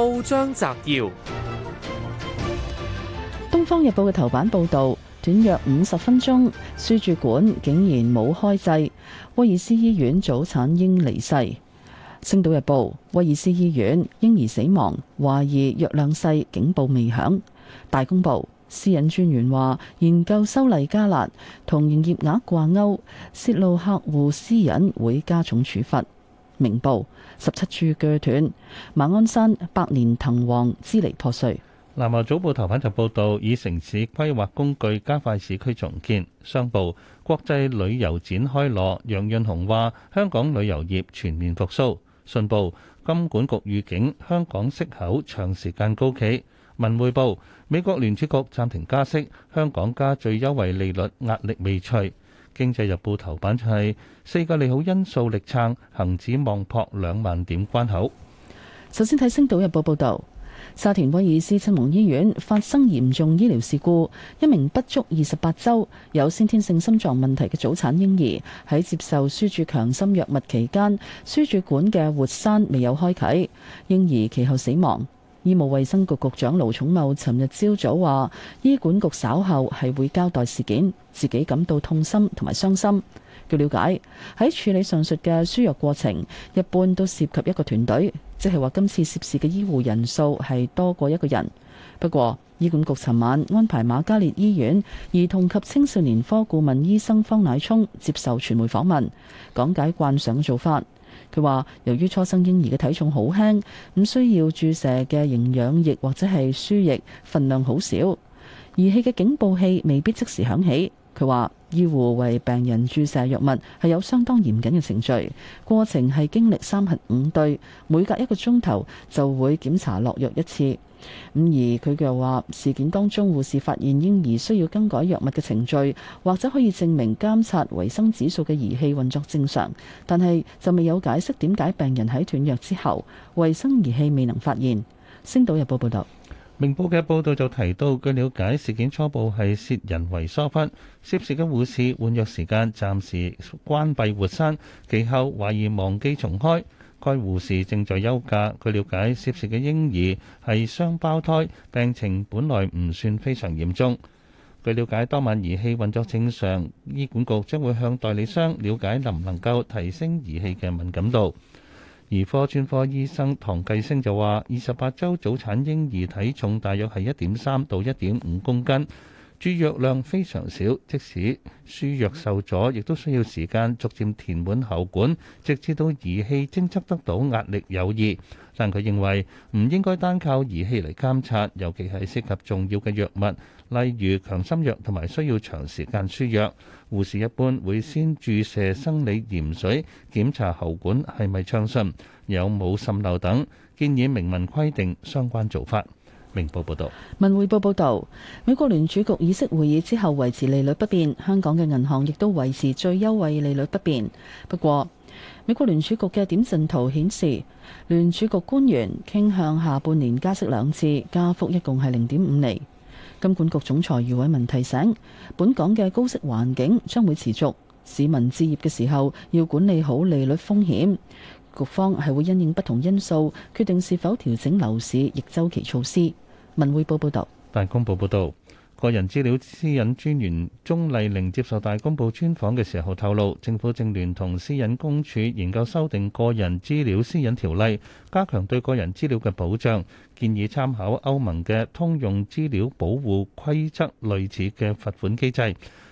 報章摘要：《東方日報》嘅頭版報道，短約五十分鐘輸注管竟然冇開制，威爾斯醫院早產嬰離世。《星島日報》：威爾斯醫院嬰兒死亡，懷疑藥量細，警報未響。大公報：私隱專員話，研究修例加辣，同營業額掛鈎，泄露客戶私隱會加重處罰。明報十七處鋸斷，馬鞍山百年藤王支離破碎。南華早報頭版就報道，以城市規劃工具加快市區重建。商報國際旅遊展開鑼，楊潤雄話香港旅遊業全面復蘇。信報金管局預警香港息口長時間高企。文匯報美國聯儲局暫停加息，香港加最優惠利率壓力未除。《經濟日報》頭版就係、是、四個利好因素力撐，恒指望破兩萬點關口。首先睇《星島日報》報導，沙田威爾斯親王醫院發生嚴重醫療事故，一名不足二十八週、有先天性心臟問題嘅早產嬰兒喺接受輸注強心藥物期間，輸注管嘅活塞未有開啓，嬰兒其後死亡。醫務衛生局局長盧寵茂尋日朝早話，醫管局稍後係會交代事件，自己感到痛心同埋傷心。據了解，喺處理上述嘅輸藥過程，一般都涉及一個團隊，即係話今次涉事嘅醫護人數係多過一個人。不過，醫管局尋晚安排瑪嘉烈醫院兒童及青少年科顧問醫生方乃聰接受傳媒訪問，講解慣常做法。佢話：由於初生嬰兒嘅體重好輕，唔需要注射嘅營養液或者係輸液份量好少。儀器嘅警報器未必即時響起。佢話：醫護為病人注射藥物係有相當嚴謹嘅程序，過程係經歷三核五對，每隔一個鐘頭就會檢查落藥一次。咁而佢又話，事件當中護士發現嬰兒需要更改藥物嘅程序，或者可以證明監察維生指數嘅儀器運作正常，但係就未有解釋點解病人喺斷藥之後，維生儀器未能發現。星島日報報道，明報嘅報道就提到，據了解事件初步係涉人為疏忽，涉事嘅護士換藥時間暫時關閉活塞，其後懷疑忘記重開。該護士正在休假。據了解，涉事嘅嬰兒係雙胞胎，病情本來唔算非常嚴重。據了解，當晚儀器運作正常，醫管局將會向代理商了解能唔能夠提升儀器嘅敏感度。兒科專科醫生唐繼升就話，二十八周早產嬰兒體重大約係一點三到一點五公斤。注藥量非常少，即使輸藥受阻，亦都需要時間逐漸填滿喉管，直至到儀器偵測得到壓力有異。但佢認為唔應該單靠儀器嚟監察，尤其係涉及重要嘅藥物，例如強心藥同埋需要長時間輸藥。護士一般會先注射生理鹽水，檢查喉管係咪暢順，有冇滲漏等。建議明文規定相關做法。明報報道，文匯報報道，美國聯儲局議息會議之後維持利率不變，香港嘅銀行亦都維持最優惠利率不變。不過，美國聯儲局嘅點陣圖顯示，聯儲局官員傾向下半年加息兩次，加幅一共係零點五厘。金管局總裁余偉文提醒，本港嘅高息環境將會持續，市民置業嘅時候要管理好利率風險。局方係會因應不同因素，決定是否調整樓市逆周期措施。文匯報報道，大公報報道，個人資料私隱專員鍾麗玲接受大公報專訪嘅時候透露，政府正聯同私隱公署研究修訂個人資料私隱條例，加強對個人資料嘅保障，建議參考歐盟嘅通用資料保護規則類似嘅罰款機制，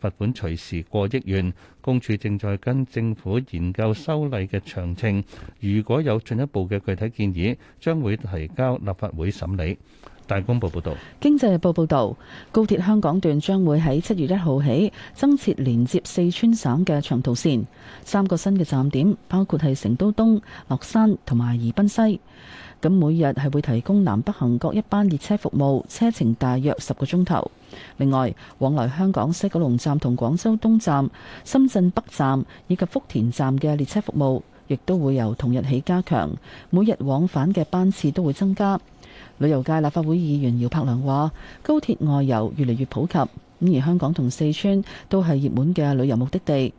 罰款隨時過億元，公署正在跟政府研究修例嘅詳情。如果有進一步嘅具體建議，將會提交立法會審理。大公報報道：「經濟日報報道，高鐵香港段將會喺七月一號起增設連接四川省嘅長途線，三個新嘅站點包括係成都東、樂山同埋宜賓西。咁每日係會提供南北行各一班列車服務，車程大約十個鐘頭，另外，往來香港西九龍站同廣州東站、深圳北站以及福田站嘅列車服務，亦都會由同日起加強，每日往返嘅班次都會增加。旅遊界立法會議員姚柏良話，高鐵外遊越嚟越普及，咁而香港同四川都係熱門嘅旅遊目的地。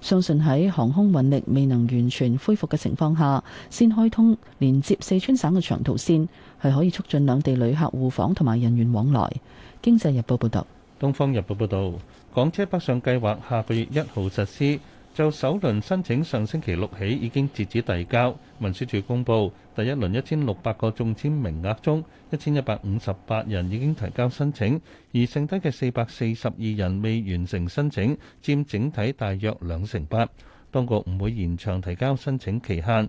相信喺航空運力未能完全恢復嘅情況下，先開通連接四川省嘅長途線，係可以促進兩地旅客互訪同埋人員往來。經濟日報報道。東方日報報道，港車北上計劃下個月一號實施。就首輪申請，上星期六起已經截止遞交。文書處公佈，第一輪一千六百個中籤名額中，一千一百五十八人已經提交申請，而剩低嘅四百四十二人未完成申請，佔整體大約兩成八。當局唔會延長提交申請期限。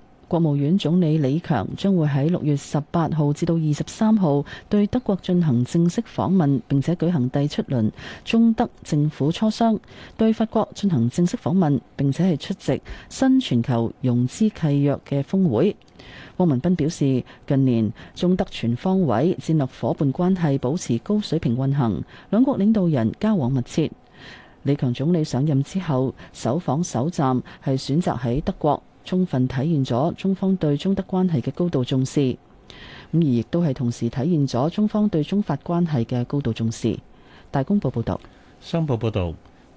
國務院總理李強將會喺六月十八號至到二十三號對德國進行正式訪問，並且舉行第七輪中德政府磋商；對法國進行正式訪問，並且係出席新全球融資契約嘅峰會。汪文斌表示，近年中德全方位戰略伙伴關係保持高水平運行，兩國領導人交往密切。李強總理上任之後，首訪首站係選擇喺德國。充分體現咗中方對中德關係嘅高度重視，咁而亦都係同時體現咗中方對中法關係嘅高度重視。大公報報道，商報報道。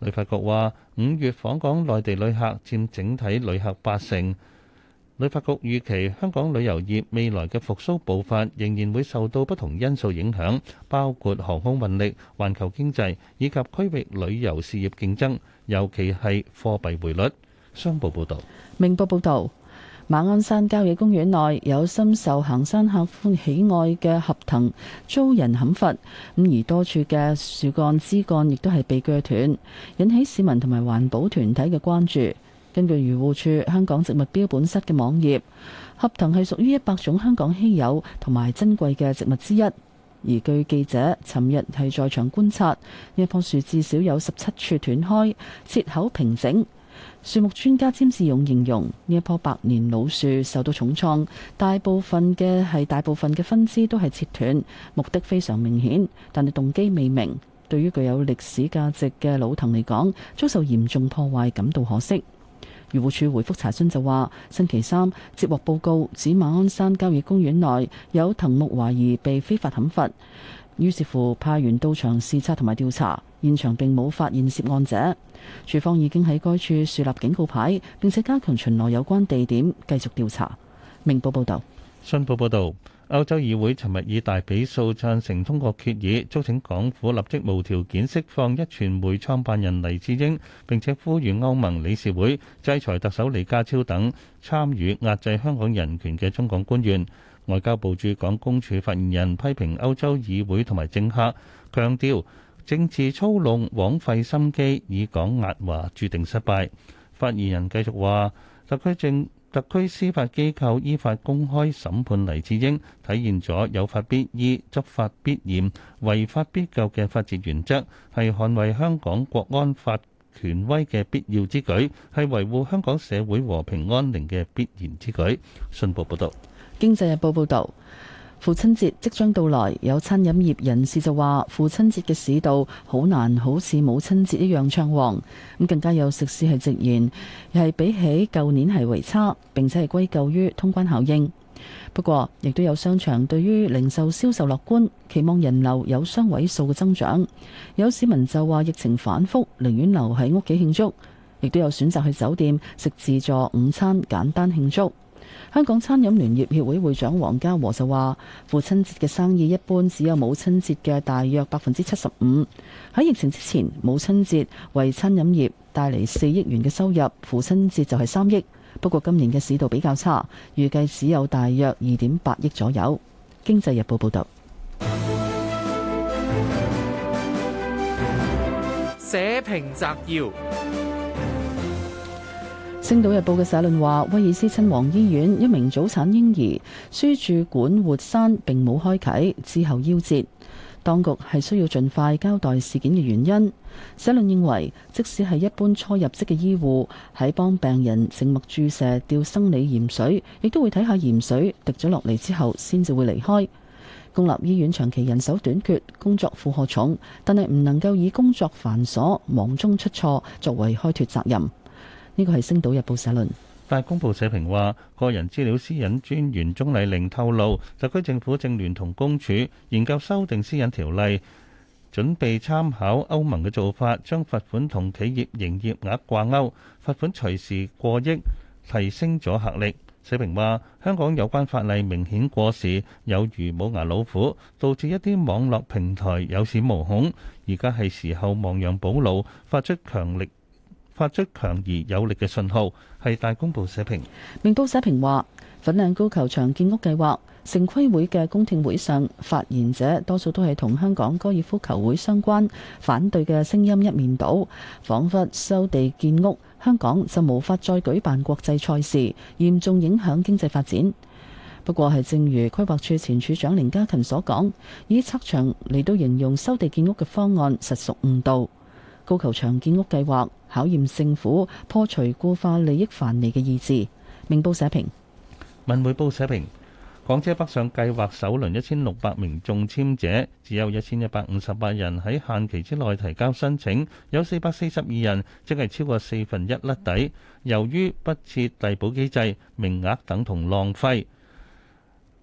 旅發局話，五月訪港內地旅客佔整體旅客八成。旅發局預期香港旅遊業未來嘅復蘇步伐仍然會受到不同因素影響，包括航空運力、環球經濟以及區域旅遊事業競爭，尤其係貨幣匯率。商報報道，明報報道。馬鞍山郊野公園內有深受行山客歡喜愛嘅合藤遭人砍伐，咁而多處嘅樹幹枝幹亦都係被鋸斷，引起市民同埋環保團體嘅關注。根據漁護署香港植物標本室嘅網頁，合藤係屬於一百種香港稀有同埋珍貴嘅植物之一。而據記者尋日係在場觀察，一棵樹至少有十七處斷開，切口平整。樹木專家詹志勇形容呢一棵百年老樹受到重創，大部分嘅係大部分嘅分枝都係切斷，目的非常明顯，但係動機未明。對於具有歷史價值嘅老藤嚟講，遭受嚴重破壞感到可惜。漁護署回覆查詢就話：星期三接獲報告指馬鞍山郊野公園內有藤木懷疑被非法砍伐。於是乎派員到場視察同埋調查，現場並冇發現涉案者。警方已經喺該處樹立警告牌，並且加強巡邏有關地點，繼續調查。明報報道：「信報報道，歐洲議會尋日以大比數贊成通過決議，促請港府立即無條件釋放一傳媒創辦人黎智英，並且呼籲歐盟理事會制裁特首李家超等參與壓制香港人權嘅中港官員。外交部駐港公署發言人批評歐洲議會同埋政客，強調政治操弄、枉費心機、以港壓華，註定失敗。發言人繼續話：特區政、特區司法機構依法公開審判黎智英，體現咗有法必依、執法必嚴、違法必究嘅法治原則，係捍衛香港國安法權威嘅必要之舉，係維護香港社會和平安寧嘅必然之舉。信報報道。經濟日報報道，父親節即將到來，有餐飲業人士就話，父親節嘅市道好難，好似母親節一樣暢旺。咁更加有食肆係直言，又係比起舊年係為差，並且係歸咎於通關效應。不過，亦都有商場對於零售銷售樂觀，期望人流有雙位數嘅增長。有市民就話，疫情反覆，寧願留喺屋企慶祝，亦都有選擇去酒店食自助午餐，簡單慶祝。香港餐飲聯業協會會長黃家和就話：父親節嘅生意一般只有母親節嘅大約百分之七十五。喺疫情之前，母親節為餐飲業帶嚟四億元嘅收入，父親節就係三億。不過今年嘅市道比較差，預計只有大約二點八億左右。經濟日報報道。社評摘要。《星島日報》嘅社論話，威爾斯親王醫院一名早產嬰兒輸注管活塞並冇開啟之後夭折，當局係需要盡快交代事件嘅原因。社論認為，即使係一般初入職嘅醫護，喺幫病人靜脈注射吊生理鹽水，亦都會睇下鹽水滴咗落嚟，之後先至會離開。公立醫院長期人手短缺，工作負荷重，但係唔能夠以工作繁瑣、忙中出錯作為開脫責任。呢個係《星島日報》社論。大公報社評話，個人資料私隱專員鍾麗玲透露，特區政府正聯同公署研究修訂私隱條例，準備參考歐盟嘅做法，將罰款同企業營業額掛鈎，罰款隨時過億，提升咗效力。社評話，香港有關法例明顯過時，有如冇牙老虎，導致一啲網絡平台有恃無恐。而家係時候亡羊補牢，發出強力。發出強而有力嘅信號，係大公報社評。明報社評話：粉嶺高球場建屋計劃，城規會嘅公聽會上，發言者多數都係同香港高爾夫球會相關，反對嘅聲音一面倒。彷彿收地建屋，香港就無法再舉辦國際賽事，嚴重影響經濟發展。不過係正如規劃署前署長凌嘉勤所講，以測場嚟到形容收地建屋嘅方案，實屬誤導。高球場建屋計劃考驗政府破除固化利益藩籬嘅意志。明報社評。文匯報社評，港車北上計劃首輪一千六百名中籤者，只有一千一百五十八人喺限期之內提交申請，有四百四十二人，即係超過四分一甩底。由於不設遞補機制，名額等同浪費。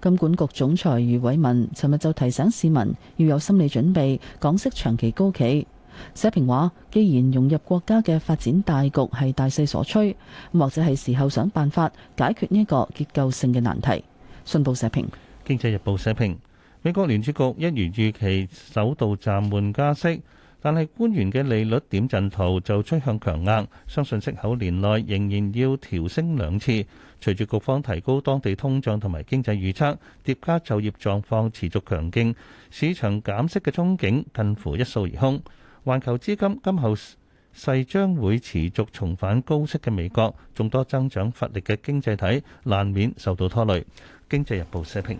金管局總裁余偉文尋日就提醒市民要有心理準備，港息長期高企。社評話：既然融入國家嘅發展大局係大勢所趨，或者係時候想辦法解決呢個結構性嘅難題。信報社評、經濟日報社評，美國聯儲局一如預期，首度暫緩加息。但係官員嘅利率點陣圖就趨向強硬，相信息口年內仍然要調升兩次。隨住局方提高當地通脹同埋經濟預測，疊加就業狀況持續強勁，市場減息嘅憧憬近乎一掃而空。環球資金今後勢將會持續重返高息嘅美國，眾多增長乏力嘅經濟體難免受到拖累。經濟日報社評。